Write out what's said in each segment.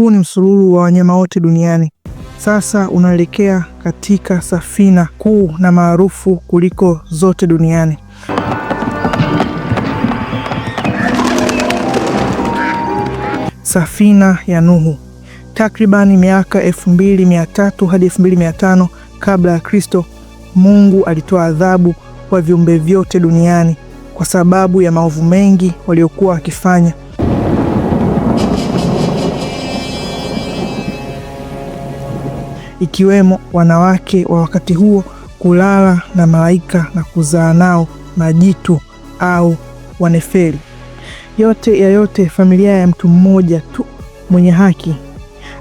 Huu ni msururu wa wanyama wote duniani. Sasa unaelekea katika safina kuu na maarufu kuliko zote duniani. Safina ya Nuhu. Takribani miaka 2300 hadi 2500 kabla ya Kristo, Mungu alitoa adhabu kwa viumbe vyote duniani kwa sababu ya maovu mengi waliokuwa wakifanya. ikiwemo wanawake wa wakati huo kulala na malaika na kuzaa nao majitu au wanefeli. Yote ya yote, familia ya mtu mmoja tu mwenye haki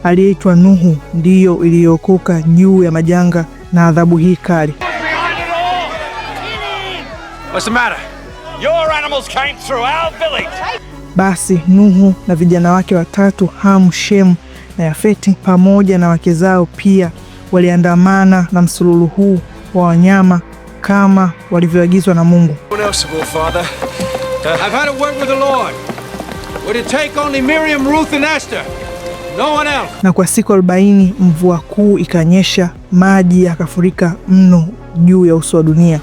aliyeitwa Nuhu ndiyo iliyookoka juu ya majanga na adhabu hii kali. Basi Nuhu na vijana wake watatu Hamu, Shemu na Yafeti pamoja na wake zao pia waliandamana na msululu huu wa wanyama kama walivyoagizwa na Mungu. Na kwa siku 40 mvua kuu ikanyesha, maji yakafurika mno juu ya uso wa dunia.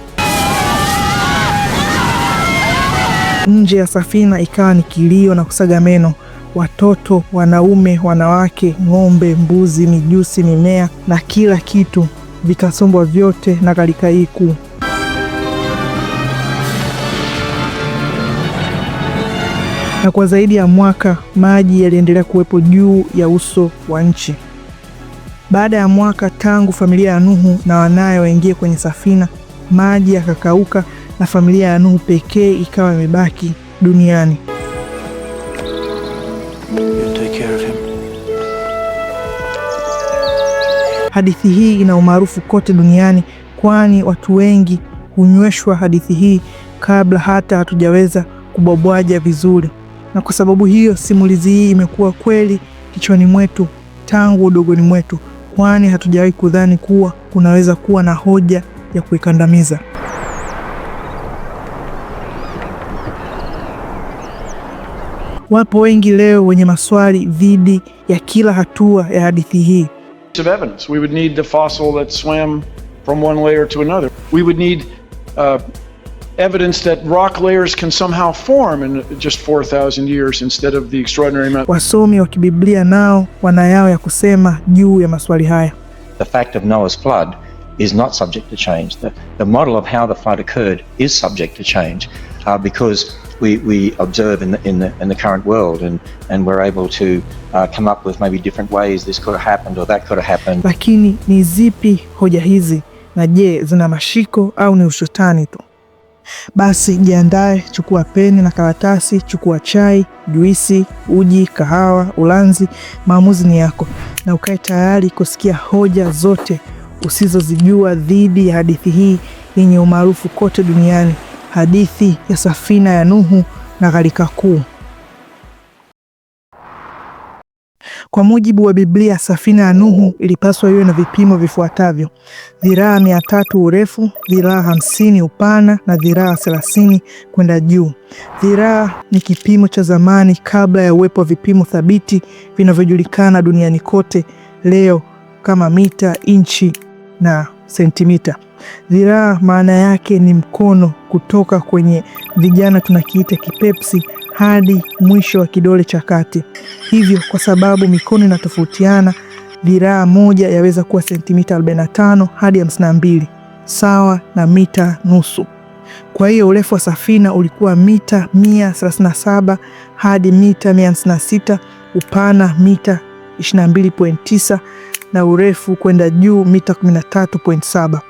Nje ya safina ikawa ni kilio na kusaga meno watoto, wanaume, wanawake, ng'ombe, mbuzi, mijusi, mimea na kila kitu vikasombwa vyote na kalikai kuu. Na kwa zaidi ya mwaka maji yaliendelea kuwepo juu ya uso wa nchi. Baada ya mwaka tangu familia ya Nuhu na wanaye waingie kwenye safina, maji yakakauka na familia ya Nuhu pekee ikawa imebaki duniani. Hadithi hii ina umaarufu kote duniani, kwani watu wengi hunyweshwa hadithi hii kabla hata hatujaweza kubwabwaja vizuri, na kwa sababu hiyo simulizi hii imekuwa kweli kichwani mwetu tangu udogoni mwetu, kwani hatujawahi kudhani kuwa kunaweza kuwa na hoja ya kuikandamiza. Wapo wengi leo wenye maswali dhidi ya kila hatua ya hadithi hii, of evidence. We would need the fossil that swam from one layer to another. We would need uh, evidence that rock layers can somehow form in just 4,000 years instead of the extraordinary amount. Wasomi wa kibiblia nao wana yao ya kusema juu ya maswali haya. The fact of Noah's flood is not subject to change. The, the model of how the flood occurred is subject to change uh, because we, we observe in the, in, the, in the current world and, and we're able to uh, come up with maybe different ways this could have happened or that could have happened. Lakini ni zipi hoja hizi na je, zina mashiko au ni ushotani tu? Basi jiandae, chukua peni na karatasi, chukua chai, juisi, uji, kahawa, ulanzi. Maamuzi ni yako, na ukae tayari kusikia hoja zote usizozijua dhidi ya hadithi hii yenye umaarufu kote duniani hadithi ya safina ya Nuhu na gharika kuu. Kwa mujibu wa Biblia, safina ya Nuhu ilipaswa iwe na vipimo vifuatavyo: dhiraa mia tatu urefu, dhiraa hamsini upana na dhiraa thelathini kwenda juu. Dhiraa ni kipimo cha zamani kabla ya uwepo wa vipimo thabiti vinavyojulikana duniani kote leo kama mita, inchi na sentimita. Dhiraa maana yake ni mkono, kutoka kwenye vijana tunakiita kipepsi hadi mwisho wa kidole cha kati. Hivyo kwa sababu mikono inatofautiana, dhiraa moja yaweza kuwa sentimita 45 hadi 52 sawa na mita nusu. Kwa hiyo urefu wa safina ulikuwa mita 137 hadi mita 156, upana mita 22.9 na urefu kwenda juu mita 13.7.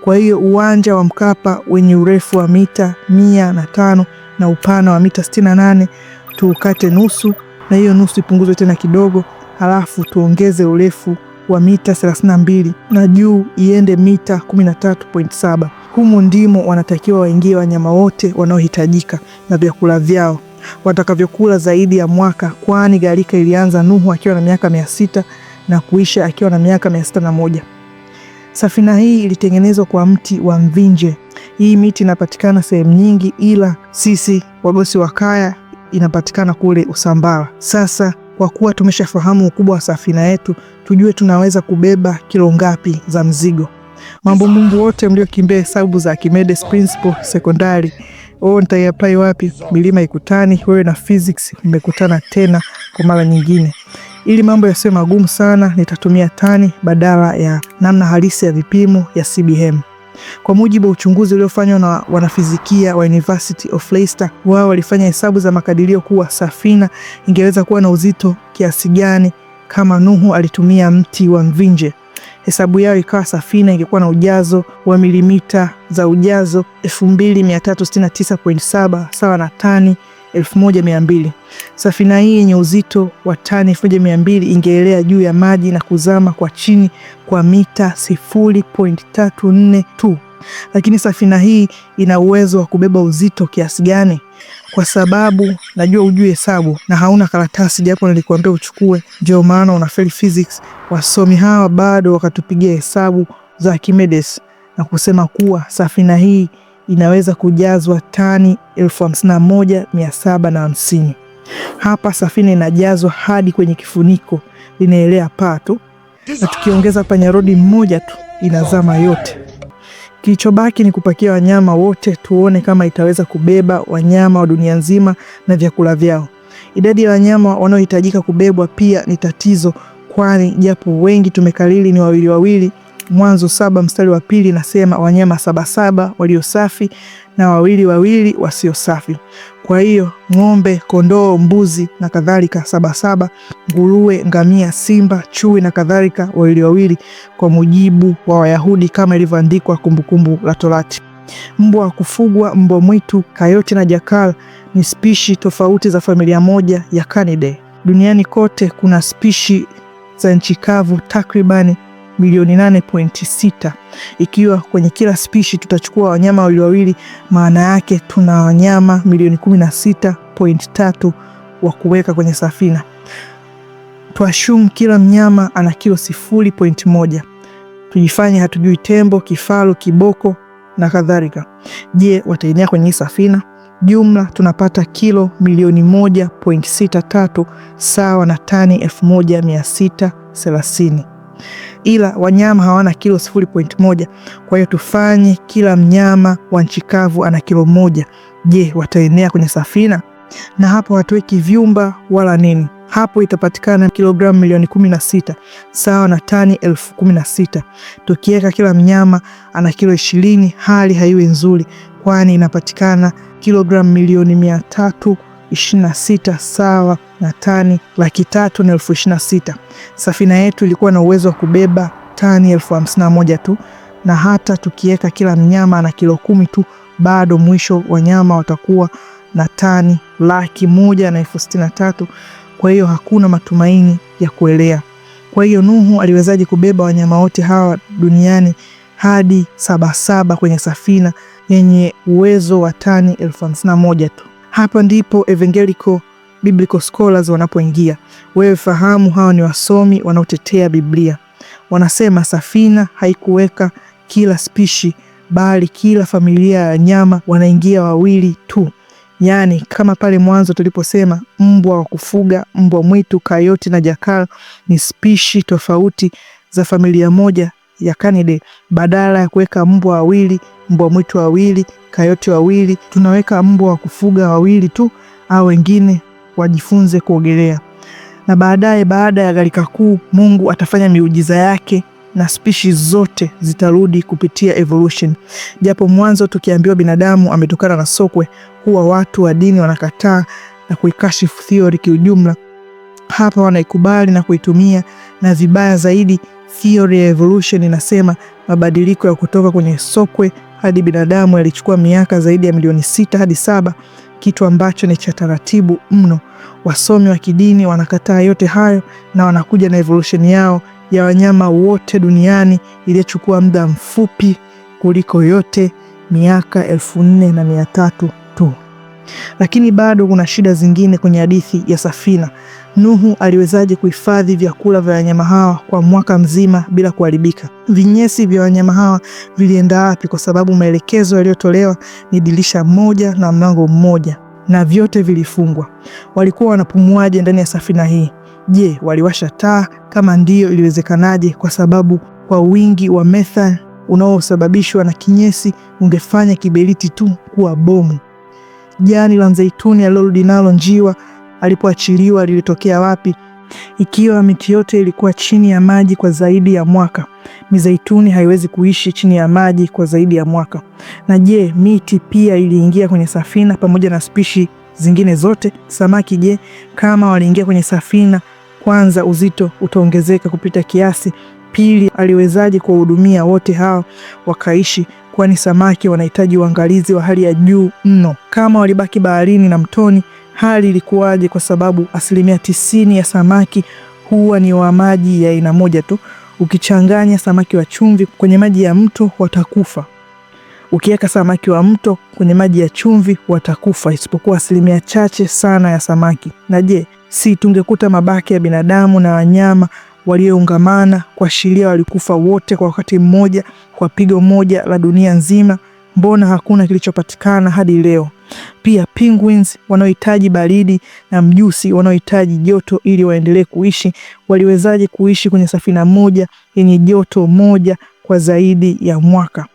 Kwa hiyo uwanja wa Mkapa wenye urefu wa mita mia na tano na upana wa mita sitini nane tuukate nusu, na hiyo nusu ipunguzwe tena kidogo, halafu tuongeze urefu wa mita 32 na juu iende mita 13.7. Humu ndimo wanatakiwa waingie wanyama wote wanaohitajika na vyakula vyao watakavyokula zaidi ya mwaka, kwani gharika ilianza Nuhu akiwa na miaka mia sita na kuisha akiwa na miaka mia sita na moja. Safina hii ilitengenezwa kwa mti wa mvinje. Hii miti inapatikana sehemu nyingi, ila sisi wagosi wa kaya inapatikana kule Usambara. Sasa kwa kuwa tumeshafahamu ukubwa wa safina yetu, tujue tunaweza kubeba kilo ngapi za mzigo. Mambo Mungu wote mliokimbia hesabu za Archimedes Principle Sekondari, oo, oh, nitaiapply wapi? Milima Ikutani. Wewe na physics mmekutana tena kwa mara nyingine. Ili mambo yasiwe magumu sana, nitatumia tani badala ya namna halisi ya vipimo ya CBM. Kwa mujibu wa uchunguzi uliofanywa na wanafizikia wa University of Leicester, wao walifanya hesabu za makadirio kuwa safina ingeweza kuwa na uzito kiasi gani kama Nuhu alitumia mti wa mvinje. Hesabu yao ikawa safina ingekuwa na ujazo wa milimita za ujazo 2369.7 sawa na tani 1200. Safina hii yenye uzito wa tani 1200 ingeelea juu ya maji na kuzama kwa chini kwa mita 0.34 tu. Lakini safina hii ina uwezo wa kubeba uzito kiasi gani? Kwa sababu najua ujue hesabu na hauna karatasi, japo nilikuambia uchukue, ndio maana unafeli physics. Wasomi hawa bado wakatupigia hesabu za Archimedes na kusema kuwa safina hii inaweza kujazwa tani elfu hamsini na moja mia saba na hamsini. Hapa safina inajazwa hadi kwenye kifuniko, linaelea paa tu, na tukiongeza rodi mmoja tu inazama yote. Kilichobaki ni kupakia wanyama wote, tuone kama itaweza kubeba wanyama wa dunia nzima na vyakula vyao. Idadi ya wanyama wanaohitajika kubebwa pia ni tatizo, kwani japo wengi tumekalili ni wawili wawili, Mwanzo saba mstari wa pili nasema wanyama sabasaba walio safi na wawili wawili wasio safi. Kwa hiyo ng'ombe, kondoo, mbuzi na kadhalika sabasaba, nguruwe, ngamia, simba, chui na kadhalika wawili wawili, kwa mujibu wa Wayahudi kama ilivyoandikwa Kumbukumbu la Torati. Mbwa wa kufugwa, mbwa mwitu, kayote na jakal ni spishi tofauti za familia moja ya Canidae. Duniani kote kuna spishi za nchi kavu takribani milioni 8.6. Ikiwa kwenye kila spishi tutachukua wanyama wawili wawili, maana yake tuna wanyama milioni 16.3 wa kuweka kwenye safina. Tuashum kila mnyama ana kilo 0.1. Tujifanye hatujui tembo, kifaru, kiboko na kadhalika. Je, wataenea kwenye hii safina? Jumla tunapata kilo milioni 1.63 sawa na tani 1630 ila wanyama hawana kilo 0.1. Kwa hiyo tufanye kila mnyama wa nchi kavu ana kilo moja. Je, wataenea kwenye safina? Na hapo hatuweki vyumba wala nini. Hapo itapatikana kilogramu milioni 16 sita sawa na tani elfu kumi sita. Tukiweka kila mnyama ana kilo ishirini, hali haiwi nzuri, kwani inapatikana kilogramu milioni mia tatu 26 sawa na tani laki tatu na elfu sita. Safina yetu ilikuwa na uwezo wa kubeba tani elfu moja tu, na hata tukiweka kila mnyama na kilo kumi tu, bado mwisho wanyama watakuwa na tani laki moja na elfu tatu. Kwa hiyo hakuna matumaini ya kuelea. Kwa hiyo Nuhu aliwezaje kubeba wanyama wote hawa duniani hadi Sabasaba kwenye safina yenye uwezo wa tani elfu moja tu? Hapa ndipo evangelical biblical scholars wanapoingia. Wewe fahamu, hawa ni wasomi wanaotetea Biblia. Wanasema safina haikuweka kila spishi, bali kila familia ya wanyama wanaingia wawili tu, yaani kama pale mwanzo tuliposema mbwa wa kufuga, mbwa mwitu, kayoti na jakal ni spishi tofauti za familia moja ya Kanidae, badala ya kuweka mbwa wawili, mbwa mwitu wawili miaka yote wawili, tunaweka mbwa wa kufuga wawili tu au wengine wajifunze kuogelea. Na baadaye, baada ya gharika kuu, Mungu atafanya miujiza yake na spishi zote zitarudi kupitia evolution. Japo mwanzo tukiambiwa binadamu ametokana na sokwe, huwa watu wa dini wanakataa na kuikashifu theory kiujumla. Hapa wanaikubali na kuitumia, na vibaya zaidi, theory ya evolution inasema mabadiliko ya kutoka kwenye sokwe hadi binadamu yalichukua miaka zaidi ya milioni sita hadi saba, kitu ambacho ni cha taratibu mno. Wasomi wa kidini wanakataa yote hayo na wanakuja na evolution yao ya wanyama wote duniani iliyochukua muda mfupi kuliko yote, miaka elfu nne na mia tatu tu. Lakini bado kuna shida zingine kwenye hadithi ya safina. Nuhu aliwezaje kuhifadhi vyakula vya wanyama hawa kwa mwaka mzima bila kuharibika? Vinyesi vya wanyama hawa vilienda wapi? Kwa sababu maelekezo yaliyotolewa ni dirisha moja na mlango mmoja, na vyote vilifungwa. Walikuwa wanapumuaje ndani ya safina hii? Je, waliwasha taa? Kama ndiyo, iliwezekanaje? Kwa sababu kwa wingi wa methane unaosababishwa na kinyesi ungefanya kiberiti tu kuwa bomu. Jani la mzeituni alilorudi nalo njiwa alipoachiliwa lilitokea wapi, ikiwa miti yote ilikuwa chini ya maji kwa zaidi ya mwaka? Mizeituni haiwezi kuishi chini ya maji kwa zaidi ya mwaka. Na je, miti pia iliingia kwenye safina pamoja na spishi zingine zote? Samaki je, kama waliingia kwenye safina, kwanza uzito utaongezeka kupita kiasi, pili aliwezaje kuwahudumia wote hao wakaishi? Kwani samaki wanahitaji uangalizi wa hali ya juu mno. Kama walibaki baharini na mtoni, hali ilikuwaje, kwa sababu asilimia tisini ya samaki huwa ni wa maji ya aina moja tu. Ukichanganya samaki wa chumvi kwenye maji ya mto watakufa, ukiweka samaki wa mto kwenye maji ya chumvi watakufa, isipokuwa asilimia chache sana ya samaki. Na je, si tungekuta mabaki ya binadamu na wanyama walioungamana kuashiria walikufa wote kwa wakati mmoja, kwa pigo moja la dunia nzima? Mbona hakuna kilichopatikana hadi leo? Pia penguins wanaohitaji baridi na mjusi wanaohitaji joto ili waendelee kuishi, waliwezaje kuishi kwenye safina moja yenye joto moja kwa zaidi ya mwaka?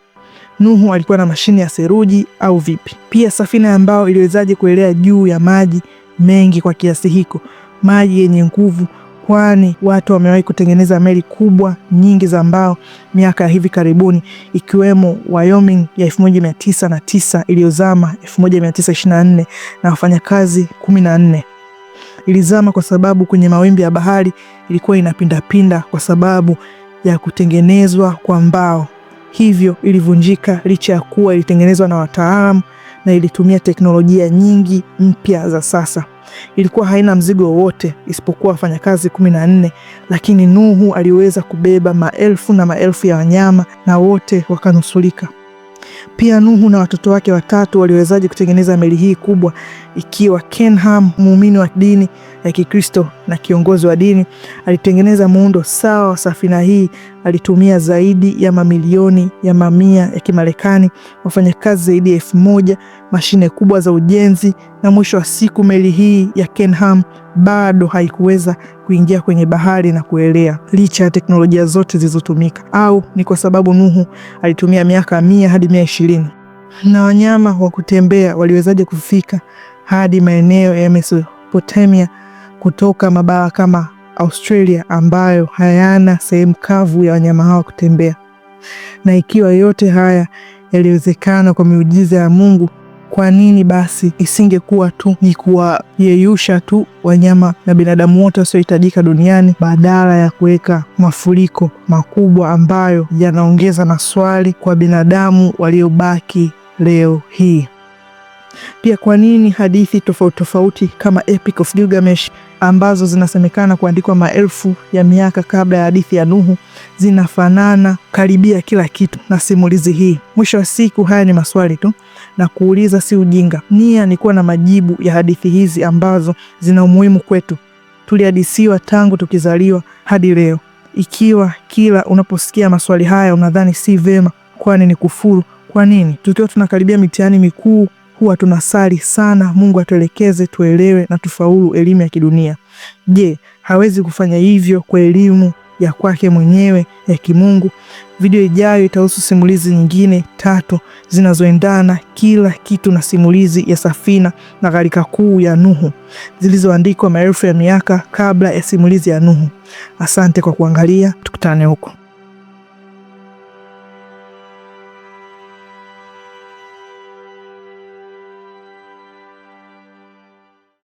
Nuhu alikuwa na mashine ya seruji au vipi? Pia safina ya mbao iliwezaje kuelea juu ya maji mengi kwa kiasi hiko, maji yenye nguvu kwani watu wamewahi kutengeneza meli kubwa nyingi za mbao miaka ya hivi karibuni, ikiwemo Wyoming ya 1909 iliyozama 1924 na wafanyakazi 14. Ilizama kwa sababu kwenye mawimbi ya bahari ilikuwa inapindapinda kwa sababu ya kutengenezwa kwa mbao, hivyo ilivunjika licha ya kuwa ilitengenezwa na wataalamu na ilitumia teknolojia nyingi mpya za sasa. Ilikuwa haina mzigo wowote isipokuwa wafanyakazi kumi na nne, lakini Nuhu aliweza kubeba maelfu na maelfu ya wanyama na wote wakanusulika. Pia Nuhu na watoto wake watatu waliwezaje kutengeneza meli hii kubwa, ikiwa Kenham muumini wa dini ya Kikristo na kiongozi wa dini alitengeneza muundo sawa wa safina hii. Alitumia zaidi ya mamilioni ya mamia ya Kimarekani, wafanyakazi zaidi ya elfu moja, mashine kubwa za ujenzi, na mwisho wa siku meli hii ya Kenham bado haikuweza kuingia kwenye bahari na kuelea licha ya teknolojia zote zilizotumika. Au ni kwa sababu Nuhu alitumia miaka mia hadi mia ishirini? Na wanyama wa kutembea waliwezaje kufika hadi maeneo ya Mesopotamia kutoka mabara kama Australia ambayo hayana sehemu kavu ya wanyama hawa kutembea. Na ikiwa yote haya yaliwezekana kwa miujiza ya Mungu, kwa nini basi isingekuwa tu ni kuwayeyusha tu wanyama na binadamu wote wasiohitajika duniani badala ya kuweka mafuriko makubwa ambayo yanaongeza maswali kwa binadamu waliobaki leo hii? Pia kwa nini hadithi tofauti tofauti kama Epic of Gilgamesh ambazo zinasemekana kuandikwa maelfu ya miaka kabla ya hadithi ya Nuhu zinafanana karibia kila kitu na simulizi hii? Mwisho wa siku, haya ni maswali tu na kuuliza si ujinga. Nia ni kuwa na majibu ya hadithi hizi ambazo zina umuhimu kwetu. Tulihadisiwa tangu tukizaliwa hadi leo. Ikiwa kila unaposikia maswali haya unadhani si vema, kwani ni kufuru, kwa nini? Tukiwa tunakaribia mitihani mikuu huwa tunasali sana, Mungu atuelekeze tuelewe na tufaulu elimu ya kidunia. Je, hawezi kufanya hivyo kwa elimu ya kwake mwenyewe ya kimungu? Video ijayo itahusu simulizi nyingine tatu zinazoendana kila kitu na simulizi ya safina na gharika kuu ya Nuhu zilizoandikwa maelfu ya miaka kabla ya simulizi ya Nuhu. Asante kwa kuangalia, tukutane huko.